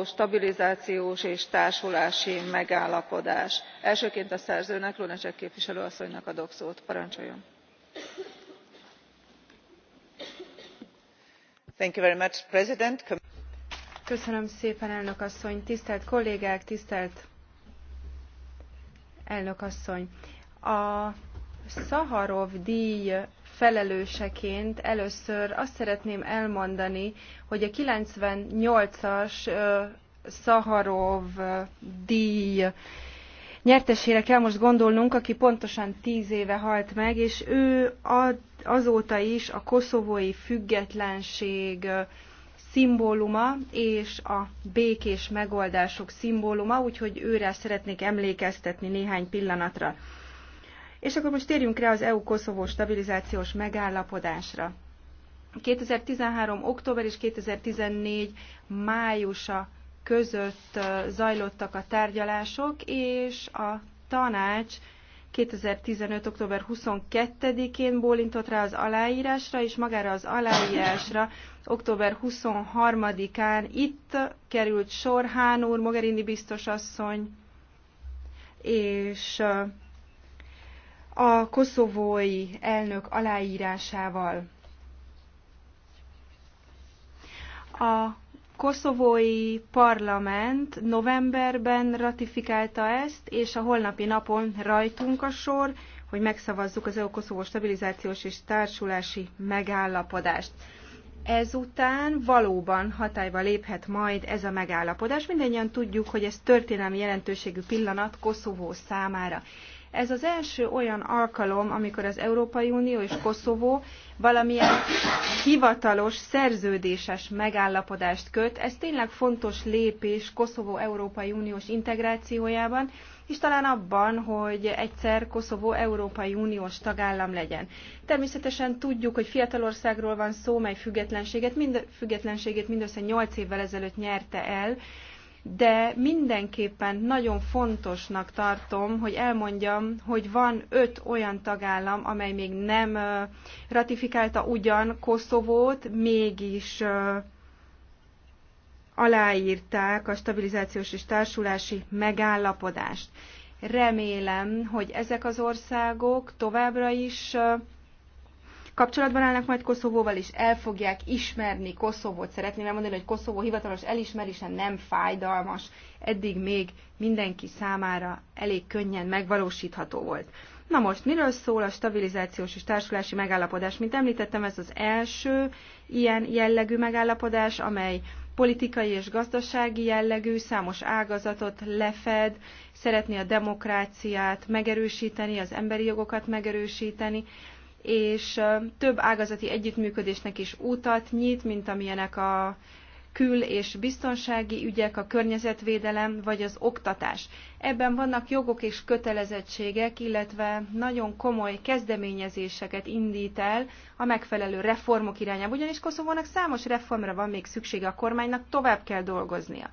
alapú stabilizációs és társulási megállapodás. elsőként a szerzőnek lunacek képviselő asszonynak adok szót. parancsoljon! Köszönöm szépen, elnök asszony. tisztelt kollégák tisztelt elnök asszony! a szaharov dj felelőseként először azt szeretném elmondani, hogy a 98-as Szaharov díj nyertesére kell most gondolnunk, aki pontosan tíz éve halt meg, és ő azóta is a koszovói függetlenség szimbóluma és a békés megoldások szimbóluma, úgyhogy őre szeretnék emlékeztetni néhány pillanatra. És akkor most térjünk rá az EU-Koszovó stabilizációs megállapodásra. 2013. október és 2014. májusa között zajlottak a tárgyalások, és a tanács 2015. október 22-én bólintott rá az aláírásra, és magára az aláírásra október 23-án itt került sor Hán úr, Mogherini biztosasszony, és a koszovói elnök aláírásával. A koszovói parlament novemberben ratifikálta ezt, és a holnapi napon rajtunk a sor, hogy megszavazzuk az EU-Koszovó stabilizációs és társulási megállapodást. Ezután valóban hatályba léphet majd ez a megállapodás. Mindennyian tudjuk, hogy ez történelmi jelentőségű pillanat Koszovó számára. Ez az első olyan alkalom, amikor az Európai Unió és Koszovó valamilyen hivatalos, szerződéses megállapodást köt. Ez tényleg fontos lépés Koszovó Európai Uniós integrációjában, és talán abban, hogy egyszer Koszovó Európai Uniós tagállam legyen. Természetesen tudjuk, hogy fiatalországról van szó, mely függetlenséget, mind, függetlenségét mindössze 8 évvel ezelőtt nyerte el, de mindenképpen nagyon fontosnak tartom, hogy elmondjam, hogy van öt olyan tagállam, amely még nem ratifikálta ugyan Koszovót, mégis aláírták a stabilizációs és társulási megállapodást. Remélem, hogy ezek az országok továbbra is kapcsolatban állnak majd Koszovóval, és el fogják ismerni Koszovót. Szeretném elmondani, hogy Koszovó hivatalos elismerése nem fájdalmas. Eddig még mindenki számára elég könnyen megvalósítható volt. Na most, miről szól a stabilizációs és társulási megállapodás? Mint említettem, ez az első ilyen jellegű megállapodás, amely politikai és gazdasági jellegű, számos ágazatot lefed, szeretné a demokráciát megerősíteni, az emberi jogokat megerősíteni, és több ágazati együttműködésnek is útat nyit, mint amilyenek a kül- és biztonsági ügyek, a környezetvédelem vagy az oktatás. Ebben vannak jogok és kötelezettségek, illetve nagyon komoly kezdeményezéseket indít el a megfelelő reformok irányába, ugyanis Koszovónak számos reformra van még szüksége, a kormánynak tovább kell dolgoznia.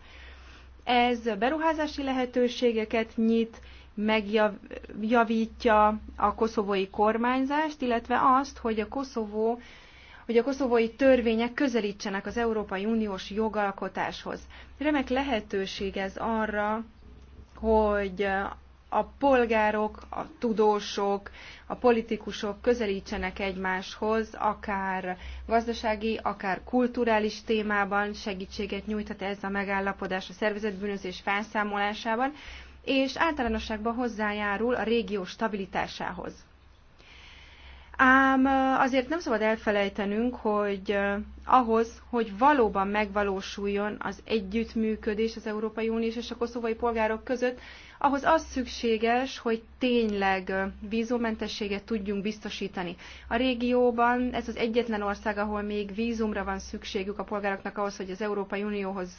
Ez beruházási lehetőségeket nyit, megjavítja a koszovói kormányzást, illetve azt, hogy a Koszovó hogy a koszovói törvények közelítsenek az Európai Uniós jogalkotáshoz. Remek lehetőség ez arra, hogy a polgárok, a tudósok, a politikusok közelítsenek egymáshoz, akár gazdasági, akár kulturális témában segítséget nyújthat ez a megállapodás a szervezetbűnözés felszámolásában, és általánosságban hozzájárul a régió stabilitásához. Ám azért nem szabad elfelejtenünk, hogy ahhoz, hogy valóban megvalósuljon az együttműködés az Európai Unió és a koszovai polgárok között, ahhoz az szükséges, hogy tényleg vízummentességet tudjunk biztosítani. A régióban ez az egyetlen ország, ahol még vízumra van szükségük a polgároknak ahhoz, hogy az Európai Unióhoz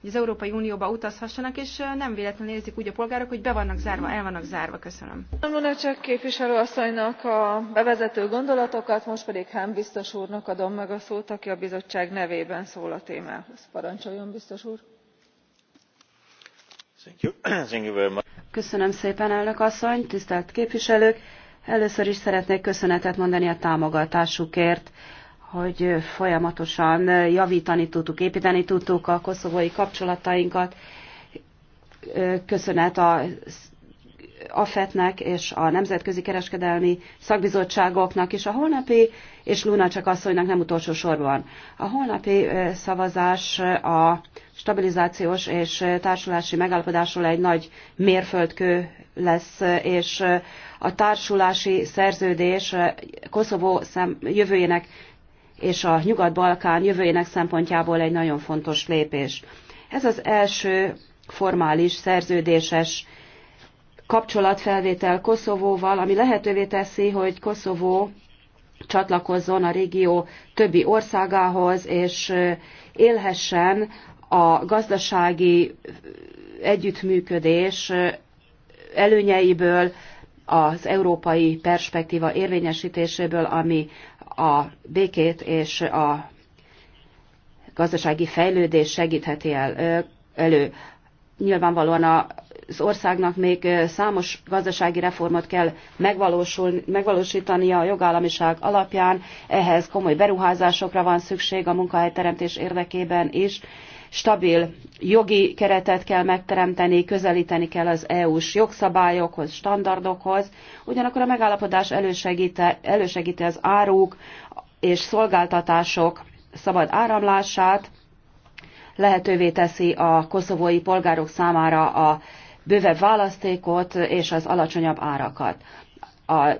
hogy az Európai Unióba utazhassanak, és nem véletlenül érzik úgy a polgárok, hogy be vannak zárva, el vannak zárva. Köszönöm. a képviselő képviselőasszonynak a bevezető gondolatokat, most pedig Hán biztos úrnak adom meg a szót, aki a bizottság nevében szól a témához. Parancsoljon, biztos úr! Köszönöm szépen, elnök asszony, tisztelt képviselők! Először is szeretnék köszönetet mondani a támogatásukért, hogy folyamatosan javítani tudtuk, építeni tudtuk a koszovói kapcsolatainkat. Köszönet a AFET-nek és a Nemzetközi Kereskedelmi Szakbizottságoknak és a holnapi, és Luna csak asszonynak nem utolsó sorban. A holnapi szavazás a stabilizációs és társulási megállapodásról egy nagy mérföldkő lesz, és a társulási szerződés Koszovó jövőjének és a Nyugat-Balkán jövőjének szempontjából egy nagyon fontos lépés. Ez az első formális szerződéses kapcsolatfelvétel Koszovóval, ami lehetővé teszi, hogy Koszovó csatlakozzon a régió többi országához, és élhessen a gazdasági együttműködés előnyeiből, az európai perspektíva érvényesítéséből, ami a békét és a gazdasági fejlődés segítheti el, elő nyilvánvalóan az országnak még számos gazdasági reformot kell megvalósítania a jogállamiság alapján, ehhez komoly beruházásokra van szükség a munkahelyteremtés érdekében is, stabil jogi keretet kell megteremteni, közelíteni kell az EU-s jogszabályokhoz, standardokhoz, ugyanakkor a megállapodás elősegíti, elősegíti az áruk és szolgáltatások szabad áramlását, lehetővé teszi a koszovói polgárok számára a bővebb választékot és az alacsonyabb árakat. A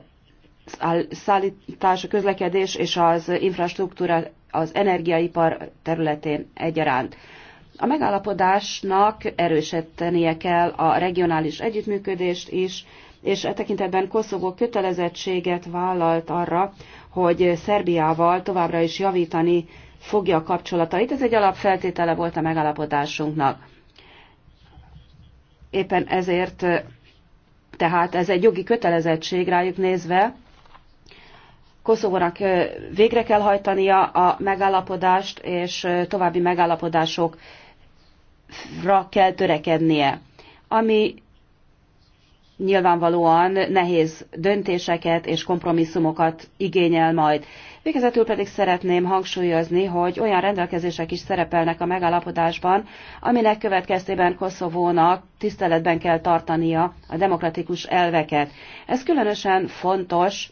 szállítás, a közlekedés és az infrastruktúra az energiaipar területén egyaránt. A megállapodásnak erősítenie kell a regionális együttműködést is, és e tekintetben Koszovó kötelezettséget vállalt arra, hogy Szerbiával továbbra is javítani fogja a kapcsolatait. Ez egy alapfeltétele volt a megállapodásunknak. Éppen ezért, tehát ez egy jogi kötelezettség rájuk nézve, Koszovónak végre kell hajtania a megállapodást, és további megállapodásokra kell törekednie. Ami nyilvánvalóan nehéz döntéseket és kompromisszumokat igényel majd. Végezetül pedig szeretném hangsúlyozni, hogy olyan rendelkezések is szerepelnek a megállapodásban, aminek következtében Koszovónak tiszteletben kell tartania a demokratikus elveket. Ez különösen fontos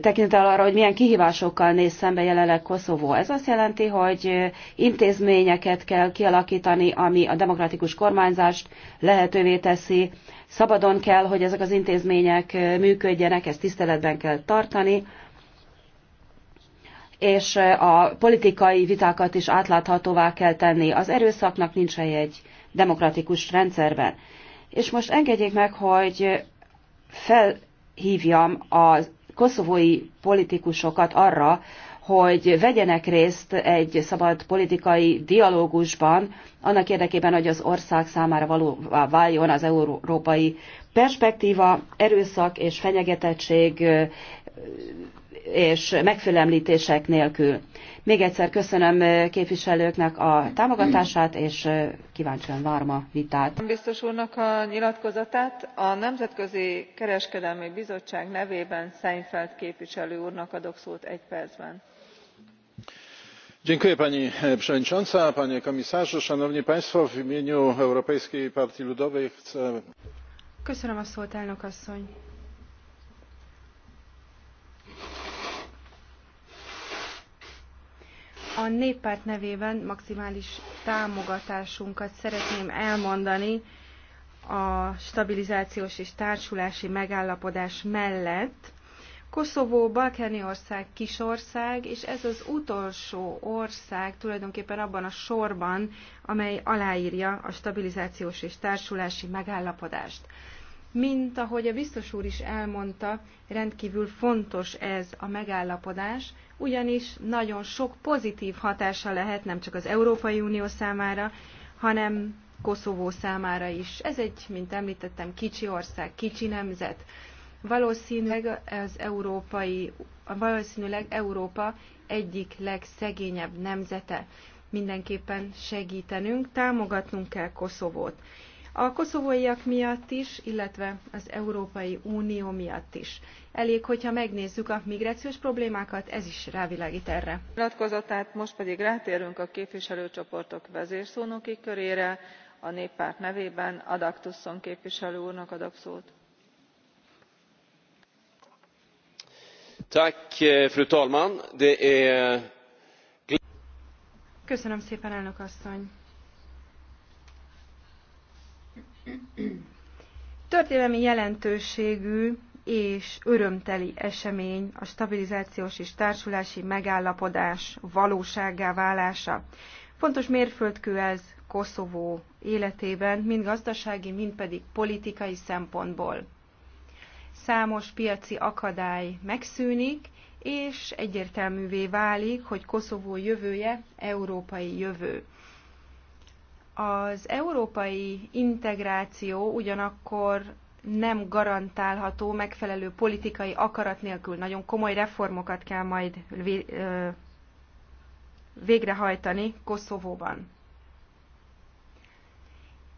tekintettel arra, hogy milyen kihívásokkal néz szembe jelenleg Koszovó. Ez azt jelenti, hogy intézményeket kell kialakítani, ami a demokratikus kormányzást lehetővé teszi. Szabadon kell, hogy ezek az intézmények működjenek, ezt tiszteletben kell tartani és a politikai vitákat is átláthatóvá kell tenni. Az erőszaknak nincs hely egy demokratikus rendszerben. És most engedjék meg, hogy felhívjam az koszovói politikusokat arra, hogy vegyenek részt egy szabad politikai dialógusban, annak érdekében, hogy az ország számára valóvá váljon az európai perspektíva, erőszak és fenyegetettség és megfélemlítések nélkül. Még egyszer köszönöm képviselőknek a támogatását, és kíváncsian várom a vitát. Biztos úrnak a nyilatkozatát a Nemzetközi Kereskedelmi Bizottság nevében Seinfeld képviselő úrnak adok szót egy percben. Dziękuję pani e, przewodnicząca, panie komisarzu, szanowni państwo. W imieniu Europejskiej Partii Ludowej chcę... Köszönöm a szót, elnök asszony. A néppárt nevében maximális támogatásunkat szeretném elmondani a stabilizációs és társulási megállapodás mellett. Koszovó, Balkáni ország, kisország, és ez az utolsó ország tulajdonképpen abban a sorban, amely aláírja a stabilizációs és társulási megállapodást. Mint ahogy a biztos úr is elmondta, rendkívül fontos ez a megállapodás, ugyanis nagyon sok pozitív hatása lehet nem csak az Európai Unió számára, hanem Koszovó számára is. Ez egy, mint említettem, kicsi ország, kicsi nemzet. Valószínűleg az európai, valószínűleg Európa egyik legszegényebb nemzete. Mindenképpen segítenünk, támogatnunk kell Koszovót a koszovóiak miatt is, illetve az Európai Unió miatt is. Elég, hogyha megnézzük a migrációs problémákat, ez is rávilágít erre. Nyilatkozatát most pedig rátérünk a képviselőcsoportok vezérszónoki körére. A néppárt nevében Adaktusson képviselő úrnak adok szót. Eh, fru talman! Köszönöm szépen, elnök asszony! Történelmi jelentőségű és örömteli esemény a stabilizációs és társulási megállapodás valósággá válása. Fontos mérföldkő ez Koszovó életében, mind gazdasági, mind pedig politikai szempontból. Számos piaci akadály megszűnik, és egyértelművé válik, hogy Koszovó jövője európai jövő. Az európai integráció ugyanakkor nem garantálható megfelelő politikai akarat nélkül. Nagyon komoly reformokat kell majd végrehajtani Koszovóban.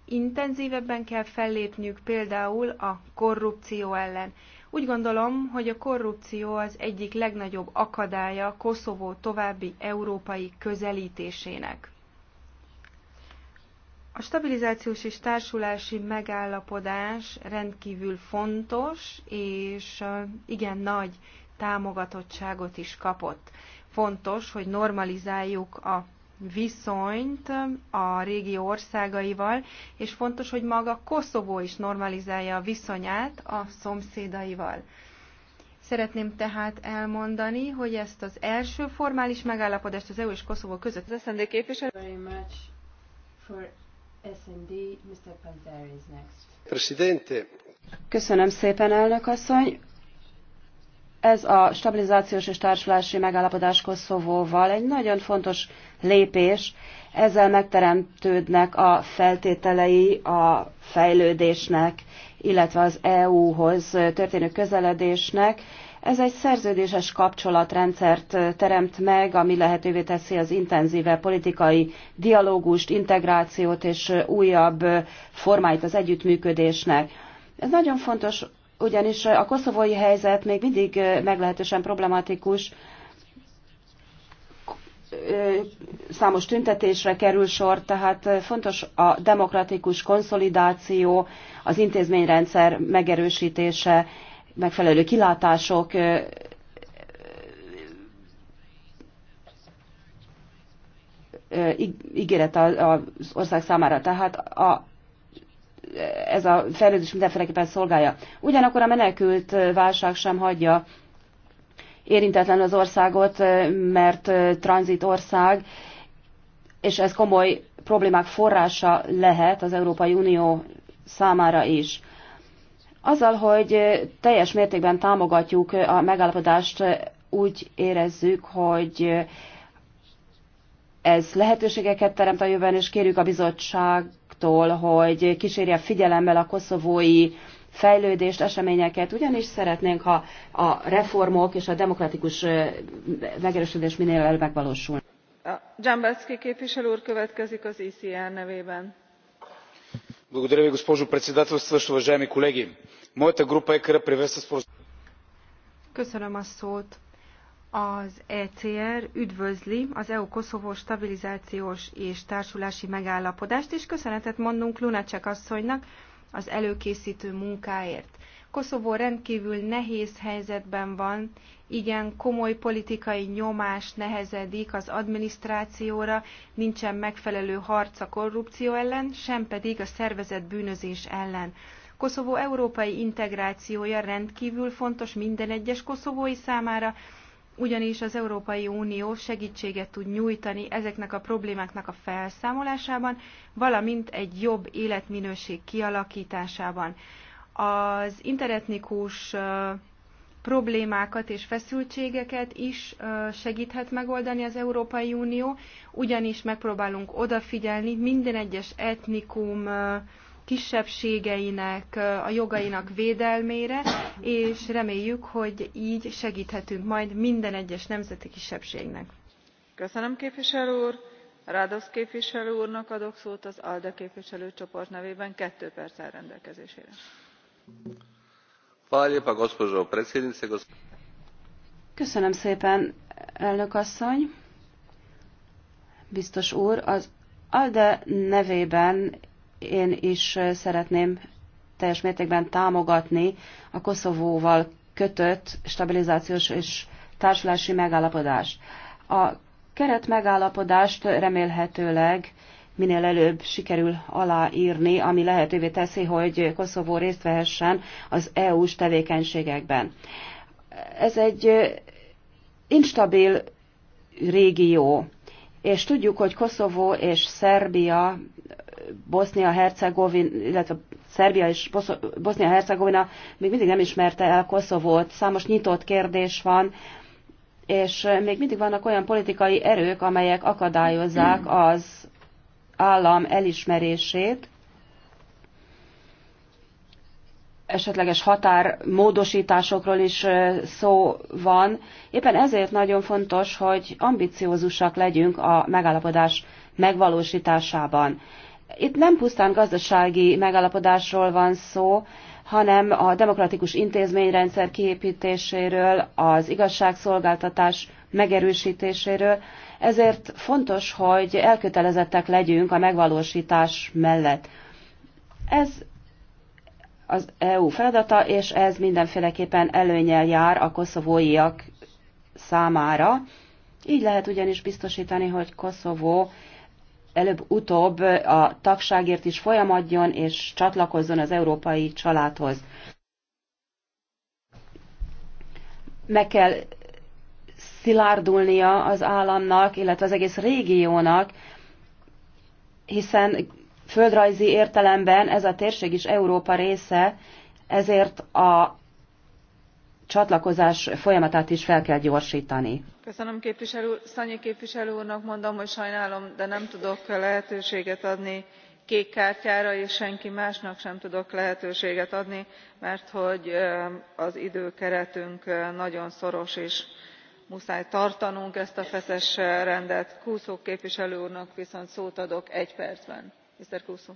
Intenzívebben kell fellépniük például a korrupció ellen. Úgy gondolom, hogy a korrupció az egyik legnagyobb akadálya Koszovó további európai közelítésének. A stabilizációs és társulási megállapodás rendkívül fontos, és igen nagy támogatottságot is kapott. Fontos, hogy normalizáljuk a viszonyt a régió országaival, és fontos, hogy maga Koszovó is normalizálja a viszonyát a szomszédaival. Szeretném tehát elmondani, hogy ezt az első formális megállapodást az EU és Koszovó között... Köszönöm, képviselő. Presidente. Köszönöm szépen, elnök asszony. Ez a stabilizációs és társulási megállapodás Koszovóval egy nagyon fontos lépés. Ezzel megteremtődnek a feltételei a fejlődésnek, illetve az EU-hoz történő közeledésnek ez egy szerződéses kapcsolatrendszert teremt meg, ami lehetővé teszi az intenzíve politikai dialógust, integrációt és újabb formáit az együttműködésnek. Ez nagyon fontos, ugyanis a koszovói helyzet még mindig meglehetősen problematikus, számos tüntetésre kerül sor, tehát fontos a demokratikus konszolidáció, az intézményrendszer megerősítése, megfelelő kilátások, ígéret az ország számára. Tehát a, ez a fejlődés mindenféleképpen szolgálja. Ugyanakkor a menekült válság sem hagyja érintetlen az országot, mert tranzit ország, és ez komoly problémák forrása lehet az Európai Unió számára is. Azzal, hogy teljes mértékben támogatjuk a megállapodást, úgy érezzük, hogy ez lehetőségeket teremt a jövőben, és kérjük a bizottságtól, hogy kísérje figyelemmel a koszovói fejlődést, eseményeket, ugyanis szeretnénk, ha a reformok és a demokratikus megerősödés minél előbb megvalósul. Dzsambacki képviselő úr következik az ICR nevében благодаря ви госпожо председателстващ уважаеми колеги моята група ecr приветства споразумението. az ECR üdvözli az EU Koszovó stabilizációs és társulási megállapodást, és köszönetet mondunk Lunacek asszonynak az előkészítő munkáért. Koszovó rendkívül nehéz helyzetben van, igen komoly politikai nyomás nehezedik az adminisztrációra, nincsen megfelelő harc a korrupció ellen, sem pedig a szervezett bűnözés ellen. Koszovó európai integrációja rendkívül fontos minden egyes koszovói számára, ugyanis az Európai Unió segítséget tud nyújtani ezeknek a problémáknak a felszámolásában, valamint egy jobb életminőség kialakításában. Az interetnikus problémákat és feszültségeket is segíthet megoldani az Európai Unió, ugyanis megpróbálunk odafigyelni minden egyes etnikum kisebbségeinek, a jogainak védelmére, és reméljük, hogy így segíthetünk majd minden egyes nemzeti kisebbségnek. Köszönöm képviselő úr! Rádosz képviselő úrnak adok szót az alde képviselőcsoport nevében kettő perc rendelkezésére. Köszönöm szépen, elnök asszony. Biztos úr, az ALDE nevében én is szeretném teljes mértékben támogatni a Koszovóval kötött stabilizációs és társulási megállapodást. A keret megállapodást remélhetőleg minél előbb sikerül aláírni, ami lehetővé teszi, hogy Koszovó részt vehessen az EU-s tevékenységekben. Ez egy instabil régió, és tudjuk, hogy Koszovó és Szerbia, Bosznia-Hercegovina, illetve Szerbia és Bosznia-Hercegovina még mindig nem ismerte el Koszovót. Számos nyitott kérdés van, és még mindig vannak olyan politikai erők, amelyek akadályozzák az állam elismerését, esetleges határmódosításokról is szó van. Éppen ezért nagyon fontos, hogy ambiciózusak legyünk a megállapodás megvalósításában. Itt nem pusztán gazdasági megállapodásról van szó, hanem a demokratikus intézményrendszer kiépítéséről, az igazságszolgáltatás megerősítéséről, ezért fontos, hogy elkötelezettek legyünk a megvalósítás mellett. Ez az EU feladata, és ez mindenféleképpen előnyel jár a koszovóiak számára. Így lehet ugyanis biztosítani, hogy Koszovó előbb-utóbb a tagságért is folyamadjon és csatlakozzon az európai családhoz. Meg kell szilárdulnia az államnak, illetve az egész régiónak, hiszen földrajzi értelemben ez a térség is Európa része, ezért a csatlakozás folyamatát is fel kell gyorsítani. Köszönöm képviselő úr. Szanyi képviselő úrnak mondom, hogy sajnálom, de nem tudok lehetőséget adni kék kártyára, és senki másnak sem tudok lehetőséget adni, mert hogy az időkeretünk nagyon szoros is muszáj tartanunk ezt a feszes rendet. couso képviselő úrnak viszont szót adok egy percben. mr couso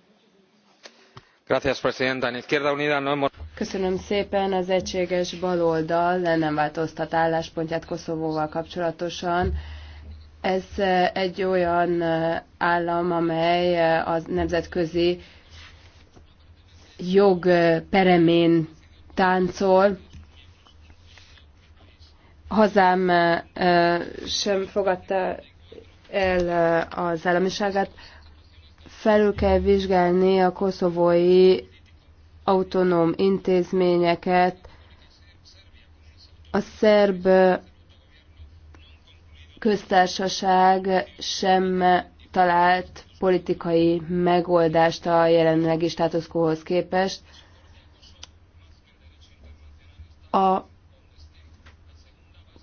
köszönöm szépen az egységes baloldal le nem változtat álláspontját koszovóval kapcsolatosan. ez eh, egy olyan eh, állam amely eh, a nemzetközi jog peremén táncol hazám sem fogadta el az államiságát. Felül kell vizsgálni a koszovói autonóm intézményeket, a szerb köztársaság sem talált politikai megoldást a jelenlegi státuszkóhoz képest. A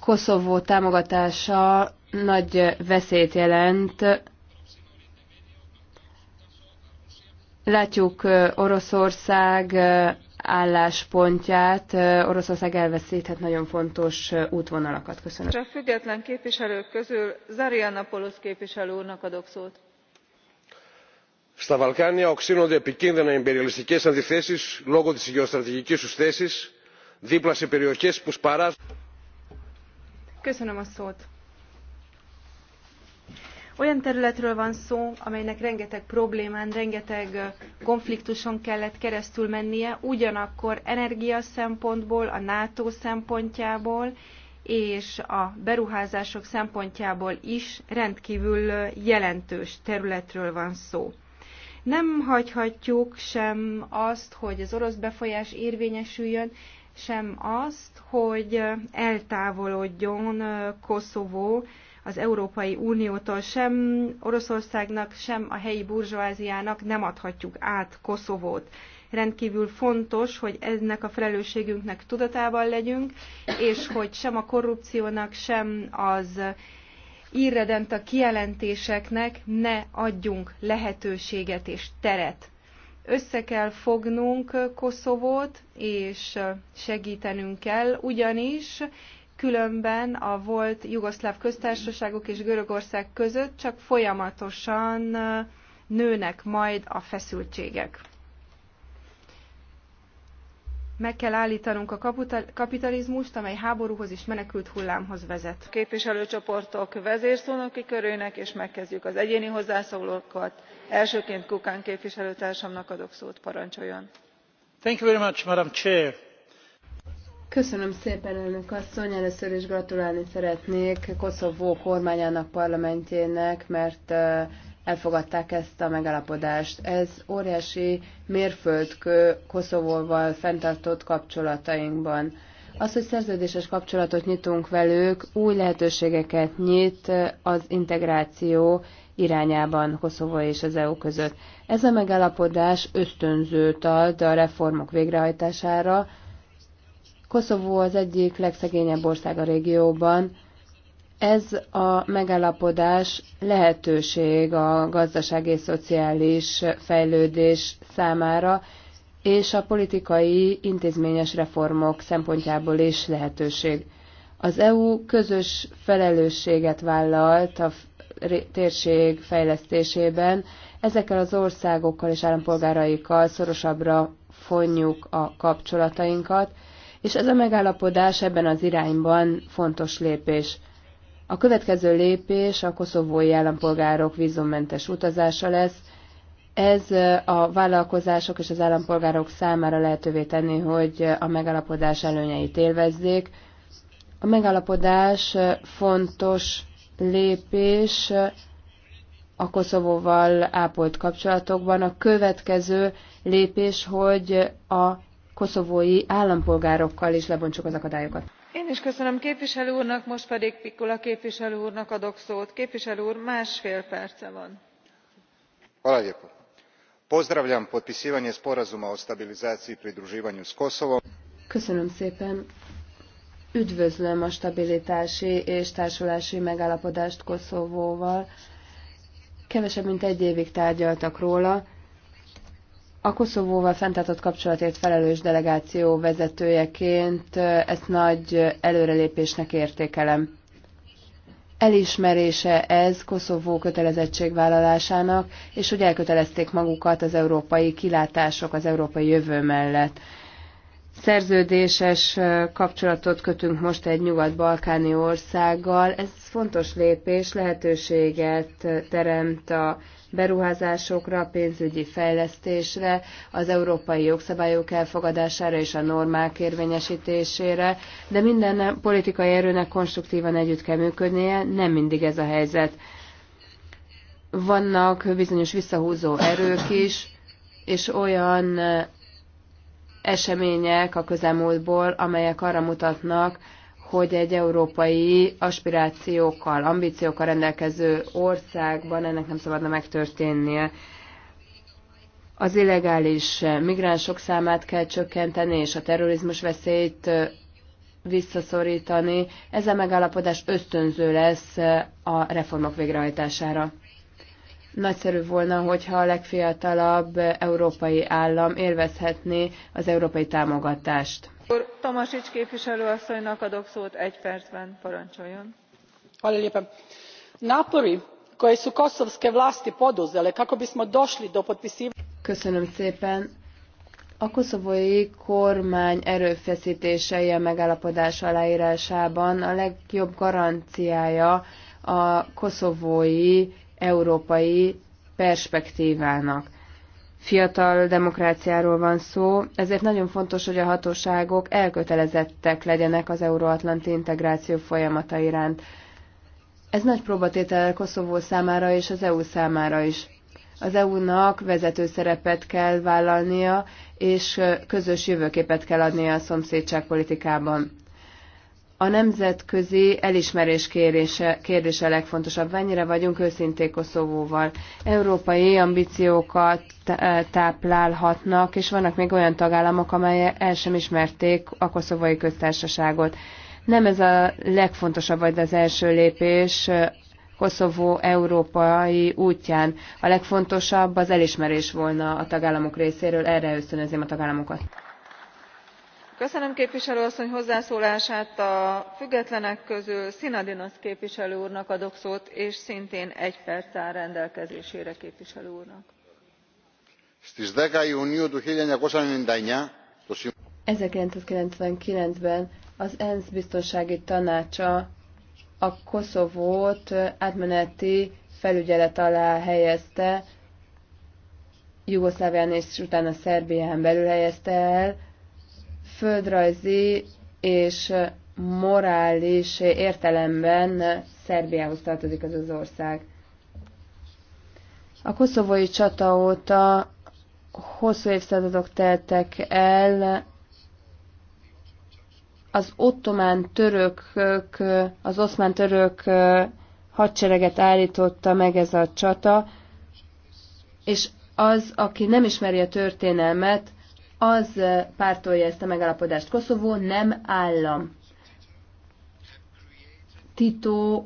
Koszovó támogatása nagy veszélyt jelent. Látjuk Oroszország álláspontját. Oroszország elveszíthet nagyon fontos útvonalakat. Köszönöm. a független képviselők közül Polosz képviselő úrnak adok szót. Στα Βαλκάνια οξύνονται επικίνδυνα εμπεριαλιστικές αντιθέσεις λόγω της γεωστρατηγικής τους θέσης δίπλα σε περιοχές που σπαράζουν Köszönöm a szót. Olyan területről van szó, amelynek rengeteg problémán, rengeteg konfliktuson kellett keresztül mennie, ugyanakkor energia szempontból, a NATO szempontjából és a beruházások szempontjából is rendkívül jelentős területről van szó. Nem hagyhatjuk sem azt, hogy az orosz befolyás érvényesüljön, sem azt, hogy eltávolodjon Koszovó az Európai Uniótól sem Oroszországnak, sem a helyi burzsóáziának nem adhatjuk át Koszovót. Rendkívül fontos, hogy ennek a felelősségünknek tudatában legyünk, és hogy sem a korrupciónak, sem az irredent a kijelentéseknek ne adjunk lehetőséget és teret. Össze kell fognunk Koszovót, és segítenünk kell, ugyanis különben a volt jugoszláv köztársaságok és Görögország között csak folyamatosan nőnek majd a feszültségek. Meg kell állítanunk a kapitalizmust, amely háborúhoz és menekült hullámhoz vezet. Képviselőcsoportok vezérszónoki körének, és megkezdjük az egyéni hozzászólókat. Elsőként Kukán képviselőtársamnak adok szót, parancsoljon. Thank you very much, Madam Chair. Köszönöm szépen, elnök asszony. Először is gratulálni szeretnék Koszovó kormányának, parlamentjének, mert elfogadták ezt a megalapodást. Ez óriási mérföldkő Koszovóval fenntartott kapcsolatainkban. Az, hogy szerződéses kapcsolatot nyitunk velük, új lehetőségeket nyit az integráció irányában Koszovó és az EU között. Ez a megalapodás ösztönzőt ad a reformok végrehajtására. Koszovó az egyik legszegényebb ország a régióban, ez a megállapodás lehetőség a gazdasági és szociális fejlődés számára, és a politikai intézményes reformok szempontjából is lehetőség. Az EU közös felelősséget vállalt a térség fejlesztésében, ezekkel az országokkal és állampolgáraikkal szorosabbra fonjuk a kapcsolatainkat, és ez a megállapodás ebben az irányban fontos lépés. A következő lépés a koszovói állampolgárok vízummentes utazása lesz. Ez a vállalkozások és az állampolgárok számára lehetővé tenni, hogy a megalapodás előnyeit élvezzék. A megalapodás fontos lépés a Koszovóval ápolt kapcsolatokban. A következő lépés, hogy a koszovói állampolgárokkal is lebontsuk az akadályokat én is köszönöm képviselő úrnak most pedig piccola képviselő úrnak adok szót. képviselő úr másfél perce van. pozdravljam potpisivanje sporazuma o stabilizaciji i pridruživanju s kosovom. köszönöm szépen. üdvözlöm a stabilitási és társulási megállapodást koszovóval. kevesebb mint egy évig tárgyaltak róla a Koszovóval fenntartott kapcsolatért felelős delegáció vezetőjeként ezt nagy előrelépésnek értékelem. Elismerése ez Koszovó kötelezettségvállalásának, és hogy elkötelezték magukat az európai kilátások, az európai jövő mellett szerződéses kapcsolatot kötünk most egy nyugat-balkáni országgal. Ez fontos lépés, lehetőséget teremt a beruházásokra, pénzügyi fejlesztésre, az európai jogszabályok elfogadására és a normák érvényesítésére, de minden politikai erőnek konstruktívan együtt kell működnie, nem mindig ez a helyzet. Vannak bizonyos visszahúzó erők is, és olyan események a közelmúltból, amelyek arra mutatnak, hogy egy európai aspirációkkal, ambíciókkal rendelkező országban ennek nem szabadna megtörténnie. Az illegális migránsok számát kell csökkenteni, és a terrorizmus veszélyt visszaszorítani. Ez a megállapodás ösztönző lesz a reformok végrehajtására. Nagyszerű volna, hogyha a legfiatalabb európai állam élvezhetné az európai támogatást. Tomasics képviselő asszonynak adok szót egy percben, parancsoljon. Napori koje su kosovske vlasti poduzele kako bismo došli do potpisivanja... Köszönöm szépen. A koszovói kormány erőfeszítései a megállapodás aláírásában a legjobb garanciája a koszovói európai perspektívának. Fiatal demokráciáról van szó, ezért nagyon fontos, hogy a hatóságok elkötelezettek legyenek az euróatlanti integráció folyamata iránt. Ez nagy próbatétel Koszovó számára és az EU számára is. Az EU-nak vezető szerepet kell vállalnia, és közös jövőképet kell adnia a politikában. A nemzetközi elismerés kérése, kérdése a legfontosabb. Mennyire vagyunk őszinték Koszovóval? Európai ambíciókat e, táplálhatnak, és vannak még olyan tagállamok, amelyek el sem ismerték a koszovai köztársaságot. Nem ez a legfontosabb, vagy az első lépés e, Koszovó európai útján. A legfontosabb az elismerés volna a tagállamok részéről, erre ösztönözném a tagállamokat köszönöm képviselő asszony hozzászólását. a függetlenek közül synadinos képviselő úrnak adok szót és szintén egy perc áll rendelkezésére képviselő úrnak. ninety ben az ensz biztonsági tanácsa a koszovót átmeneti felügyelet alá helyezte jugoszlávián és utána szerbián belül helyezte el földrajzi és morális értelemben Szerbiához tartozik az az ország. A koszovói csata óta hosszú évszázadok teltek el, az ottomán törökök, az oszmán török hadsereget állította meg ez a csata, és az, aki nem ismeri a történelmet, az pártolja ezt a megállapodást. Koszovó nem állam. Tito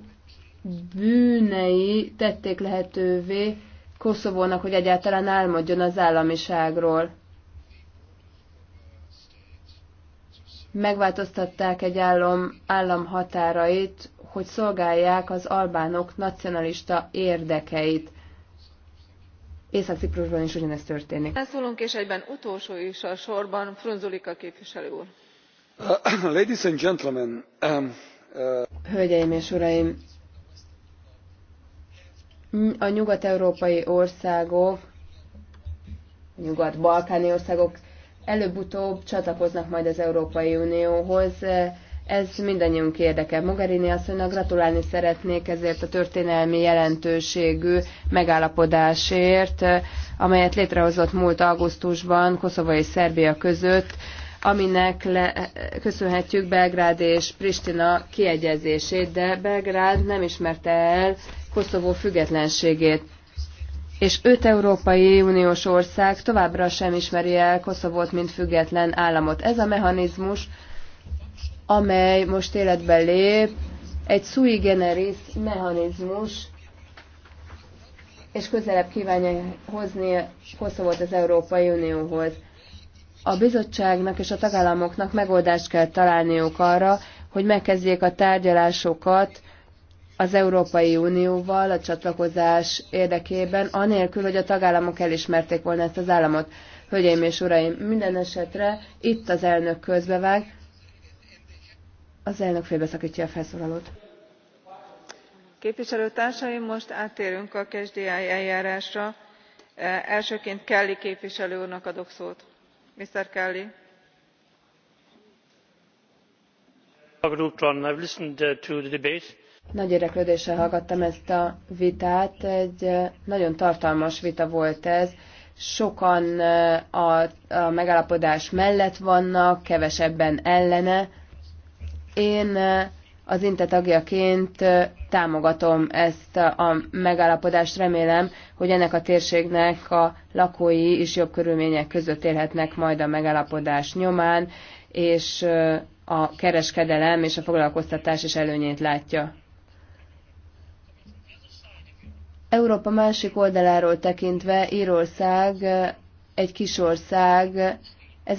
bűnei tették lehetővé Koszovónak, hogy egyáltalán álmodjon az államiságról. Megváltoztatták egy állam, állam határait, hogy szolgálják az albánok nacionalista érdekeit. Észak-Ciprusban is ugyanezt történik. Szólunk és egyben utolsó is a sorban, Frunzulika képviselő úr. Uh, ladies and gentlemen, um, uh, Hölgyeim és uraim, a nyugat-európai országok, nyugat-balkáni országok előbb-utóbb csatlakoznak majd az Európai Unióhoz. Ez mindannyiunk érdeke. Mogherini asszonynak gratulálni szeretnék ezért a történelmi jelentőségű megállapodásért, amelyet létrehozott múlt augusztusban Koszova és Szerbia között, aminek le, köszönhetjük Belgrád és Pristina kiegyezését, de Belgrád nem ismerte el Koszovó függetlenségét és öt Európai Uniós ország továbbra sem ismeri el Koszovót, mint független államot. Ez a mechanizmus amely most életbe lép, egy sui generis mechanizmus, és közelebb kívánja hozni Koszovót az Európai Unióhoz. A bizottságnak és a tagállamoknak megoldást kell találniuk arra, hogy megkezdjék a tárgyalásokat az Európai Unióval a csatlakozás érdekében, anélkül, hogy a tagállamok elismerték volna ezt az államot. Hölgyeim és uraim, minden esetre itt az elnök közbevág, az elnök félbeszakítja a felszólalót. Képviselőtársaim, most áttérünk a KSDI eljárásra. E, elsőként Kelly képviselő úrnak adok szót. Mr. Kelly. Uh, nagy érdeklődéssel hallgattam ezt a vitát egy e, nagyon tartalmas vita volt ez sokan e, a, a megállapodás mellett vannak kevesebben ellene én az INTE tagjaként támogatom ezt a megállapodást. Remélem, hogy ennek a térségnek a lakói is jobb körülmények között élhetnek majd a megállapodás nyomán, és a kereskedelem és a foglalkoztatás is előnyét látja. Európa másik oldaláról tekintve Írország egy kis ország,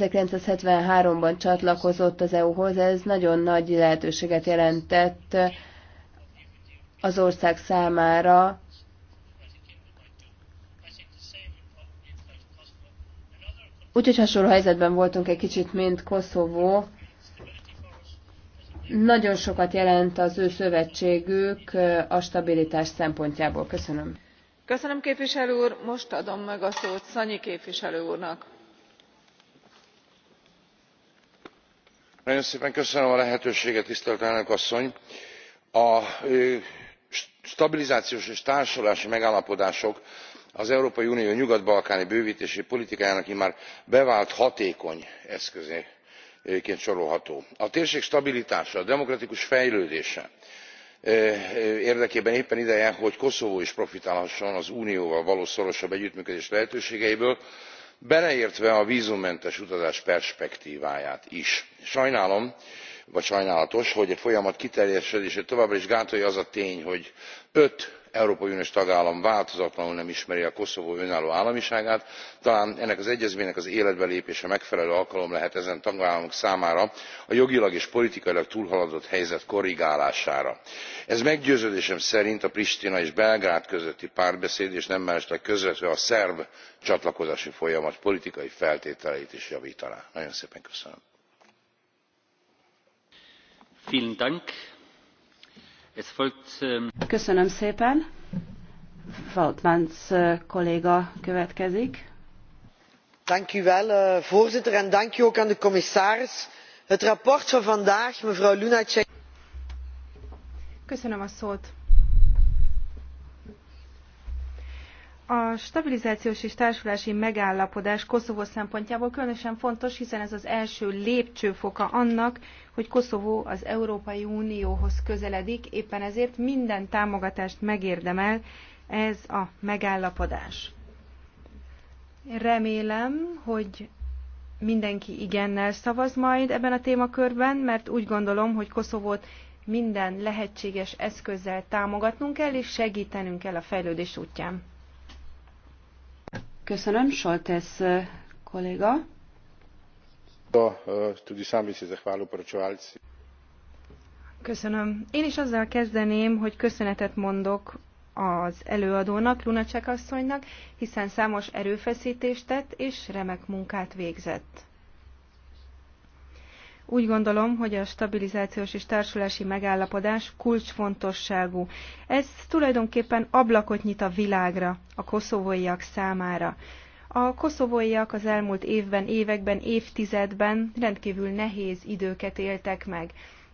1973-ban csatlakozott az EU-hoz, ez nagyon nagy lehetőséget jelentett az ország számára, Úgyhogy hasonló helyzetben voltunk egy kicsit, mint Koszovó. Nagyon sokat jelent az ő szövetségük a stabilitás szempontjából. Köszönöm. Köszönöm képviselő úr, most adom meg a szót Szanyi képviselő úrnak. nagyon szépen köszönöm a lehetőséget tisztelt elnök asszony! a stabilizációs és társulási megállapodások az európai unió nyugat balkáni bővtési politikájának immár bevált hatékony eszközeként sorolható. a térség stabilitása a demokratikus fejlődése érdekében éppen ideje hogy koszovó is profitálhasson az unióval való szorosabb együttműködés lehetőségeiből beleértve a vzummentes utazás perspektváját is. sajnálom vagy sajnálatos hogy a folyamat kiteljesedését továbbra is gátolja az a tény hogy öt európai uniós tagállam változatlanul nem ismeri el koszovó önálló államiságát talán ennek az egyezménynek az életbelépése megfelelő alkalom lehet ezen tagállamok számára a jogilag és politikailag túlhaladott helyzet korrigálására. ez meggyőződésem szerint a pristina és belgrád közötti párbeszéd és nem mellesleg közvetve a szerb csatlakozási folyamat politikai feltételeit is javtaná. nagyon szépen köszönöm. Ähm, Köszönöm szépen. Valtmans äh, kolléga következik. Dank u wel, eh, voorzitter, en dank u ook aan de commissaris. Het rapport van vandaag, mevrouw Lunacek. Köszönöm a szót. A stabilizációs és társulási megállapodás Koszovó szempontjából különösen fontos, hiszen ez az első lépcsőfoka annak, hogy Koszovó az Európai Unióhoz közeledik, éppen ezért minden támogatást megérdemel ez a megállapodás. Remélem, hogy mindenki igennel szavaz majd ebben a témakörben, mert úgy gondolom, hogy Koszovót minden lehetséges eszközzel támogatnunk kell, és segítenünk kell a fejlődés útján. Köszönöm, Soltesz kolléga. Köszönöm. Én is azzal kezdeném, hogy köszönetet mondok az előadónak, Lunacek asszonynak, hiszen számos erőfeszítést tett és remek munkát végzett. Úgy gondolom, hogy a stabilizációs és társulási megállapodás kulcsfontosságú. Ez tulajdonképpen ablakot nyit a világra, a koszovóiak számára. A koszovóiak az elmúlt évben, években, évtizedben rendkívül nehéz időket éltek meg.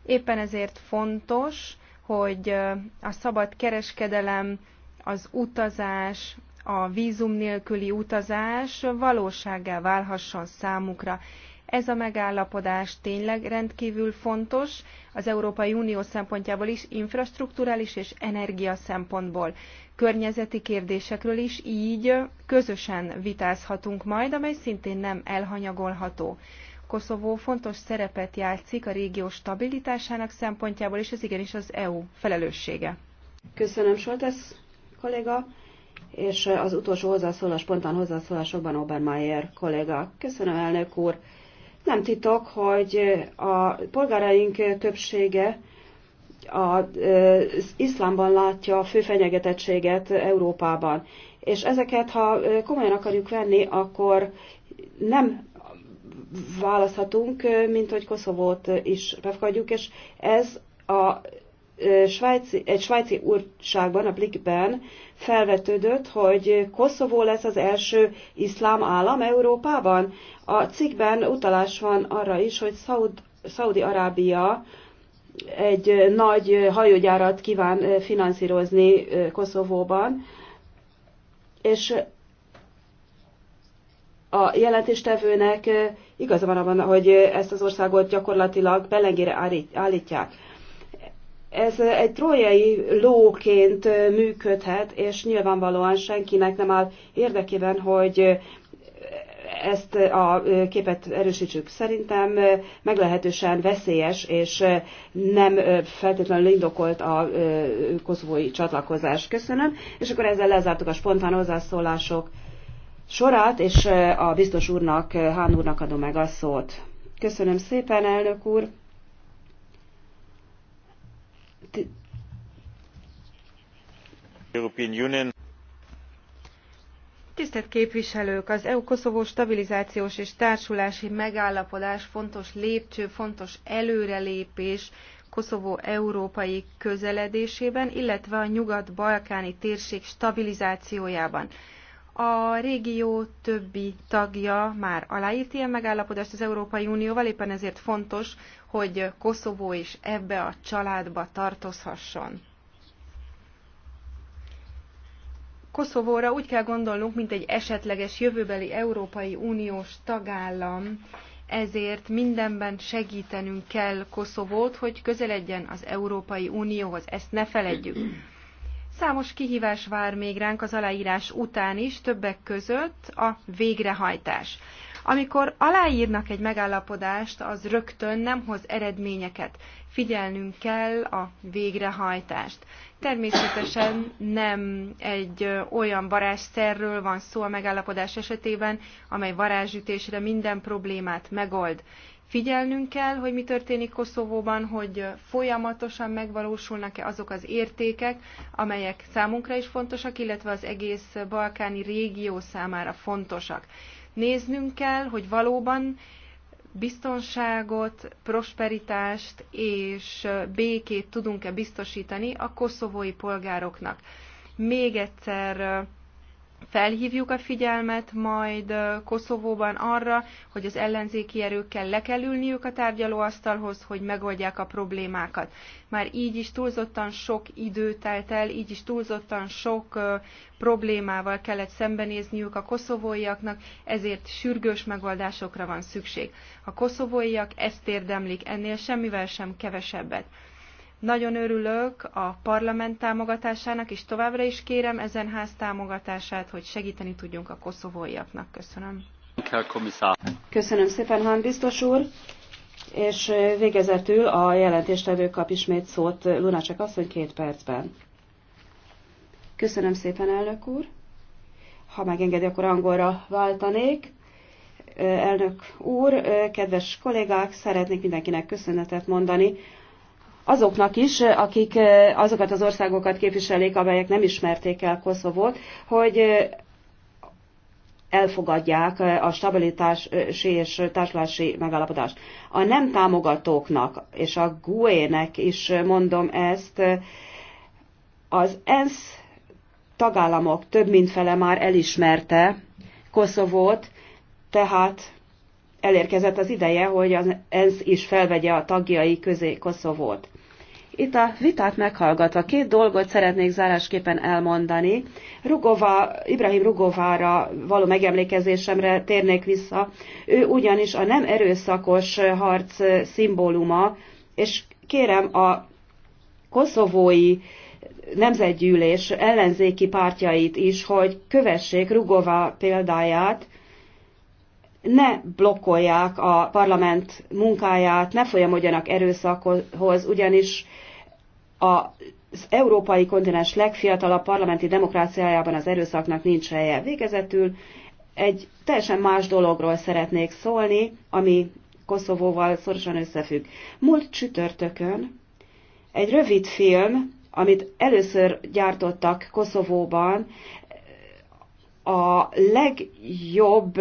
Éppen ezért fontos, hogy a szabad kereskedelem, az utazás, a vízum nélküli utazás valósággá válhasson számukra. Ez a megállapodás tényleg rendkívül fontos az Európai Unió szempontjából is, infrastruktúrális és energia szempontból. Környezeti kérdésekről is így közösen vitázhatunk majd, amely szintén nem elhanyagolható. Koszovó fontos szerepet játszik a régió stabilitásának szempontjából, és ez igenis az EU felelőssége. Köszönöm, Soltesz kolléga, és az utolsó hozzászólás, pontan hozzászólásokban Obermeier kolléga. Köszönöm, elnök úr. Nem titok, hogy a polgáraink többsége az iszlámban látja a fő fenyegetettséget Európában. És ezeket, ha komolyan akarjuk venni, akkor nem választhatunk, mint hogy Koszovót is befogadjuk, és ez a svájci, egy svájci úrságban, a Blikben felvetődött, hogy Koszovó lesz az első iszlám állam Európában. A cikkben utalás van arra is, hogy Szaud, Szaudi-Arábia egy nagy hajógyárat kíván finanszírozni Koszovóban, és a jelentéstevőnek igaza van abban, hogy ezt az országot gyakorlatilag belengére állítják ez egy trójai lóként működhet, és nyilvánvalóan senkinek nem áll érdekében, hogy ezt a képet erősítsük. Szerintem meglehetősen veszélyes, és nem feltétlenül indokolt a koszovói csatlakozás. Köszönöm. És akkor ezzel lezártuk a spontán hozzászólások sorát, és a biztos úrnak, Hán úrnak adom meg a szót. Köszönöm szépen, elnök úr. Tisztelt képviselők, az EU-Koszovó stabilizációs és társulási megállapodás fontos lépcső, fontos előrelépés Koszovó európai közeledésében, illetve a nyugat-balkáni térség stabilizációjában. A régió többi tagja már aláírt ilyen megállapodást az Európai Unióval, éppen ezért fontos, hogy Koszovó is ebbe a családba tartozhasson. Koszovóra úgy kell gondolnunk, mint egy esetleges jövőbeli Európai Uniós tagállam, ezért mindenben segítenünk kell Koszovót, hogy közeledjen az Európai Unióhoz. Ezt ne feledjük. Számos kihívás vár még ránk az aláírás után is, többek között a végrehajtás. Amikor aláírnak egy megállapodást, az rögtön nem hoz eredményeket. Figyelnünk kell a végrehajtást. Természetesen nem egy olyan varázsszerről van szó a megállapodás esetében, amely varázsütésre minden problémát megold figyelnünk kell, hogy mi történik Koszovóban, hogy folyamatosan megvalósulnak-e azok az értékek, amelyek számunkra is fontosak, illetve az egész balkáni régió számára fontosak. Néznünk kell, hogy valóban biztonságot, prosperitást és békét tudunk-e biztosítani a koszovói polgároknak. Még egyszer felhívjuk a figyelmet majd Koszovóban arra, hogy az ellenzéki erőkkel le kell ülniük a tárgyalóasztalhoz, hogy megoldják a problémákat. Már így is túlzottan sok idő telt el, így is túlzottan sok problémával kellett szembenézniük a koszovóiaknak, ezért sürgős megoldásokra van szükség. A koszovóiak ezt érdemlik, ennél semmivel sem kevesebbet. Nagyon örülök a parlament támogatásának, és továbbra is kérem ezen ház támogatását, hogy segíteni tudjunk a koszovóiaknak. Köszönöm. Köszönöm szépen, Han biztos úr. És végezetül a jelentéstevő kap ismét szót Lunacek asszony két percben. Köszönöm szépen, elnök úr. Ha megengedi, akkor angolra váltanék. Elnök úr, kedves kollégák, szeretnék mindenkinek köszönetet mondani azoknak is, akik eh, azokat az országokat képviselik, amelyek nem ismerték el Koszovót, hogy eh, elfogadják eh, a stabilitási és társulási megállapodást. A nem támogatóknak és a GUE-nek is mondom ezt, az ENSZ tagállamok több mint fele már elismerte Koszovót, tehát elérkezett az ideje, hogy az ENSZ is felvegye a tagjai közé Koszovót. Itt a vitát meghallgatva két dolgot szeretnék zárásképpen elmondani. Rugova, Ibrahim Rugovára való megemlékezésemre térnék vissza. Ő ugyanis a nem erőszakos harc szimbóluma, és kérem a koszovói nemzetgyűlés ellenzéki pártjait is, hogy kövessék Rugova példáját, ne blokkolják a parlament munkáját, ne folyamodjanak erőszakhoz, ugyanis az európai kontinens legfiatalabb parlamenti demokráciájában az erőszaknak nincs helye. Végezetül egy teljesen más dologról szeretnék szólni, ami Koszovóval szorosan összefügg. Múlt csütörtökön egy rövid film, amit először gyártottak Koszovóban, a legjobb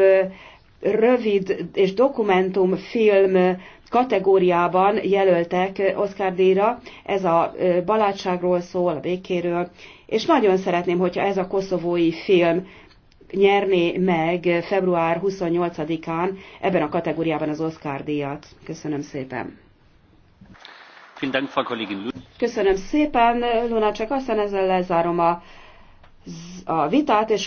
rövid és dokumentumfilm kategóriában jelöltek Oscar díjra, ez a balátságról szól, a békéről, és nagyon szeretném, hogyha ez a koszovói film nyerné meg február 28-án ebben a kategóriában az Oscar díjat. Köszönöm szépen. Köszönöm szépen, Luna, csak aztán ezzel lezárom a, a vitát, és